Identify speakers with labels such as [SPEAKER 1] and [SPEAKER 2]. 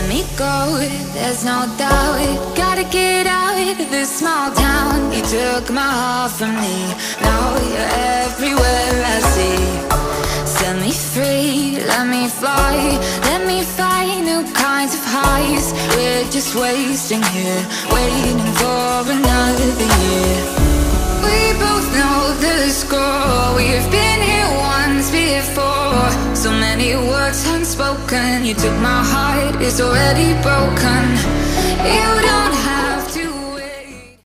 [SPEAKER 1] let me go, there's no doubt Gotta get out of this small town You took my heart from me Now you're everywhere I see Set me free, let me fly Let me find new kinds of highs We're just wasting here Waiting for another year We both know the score We've been here once before So many unspoken You took my heart, it's already broken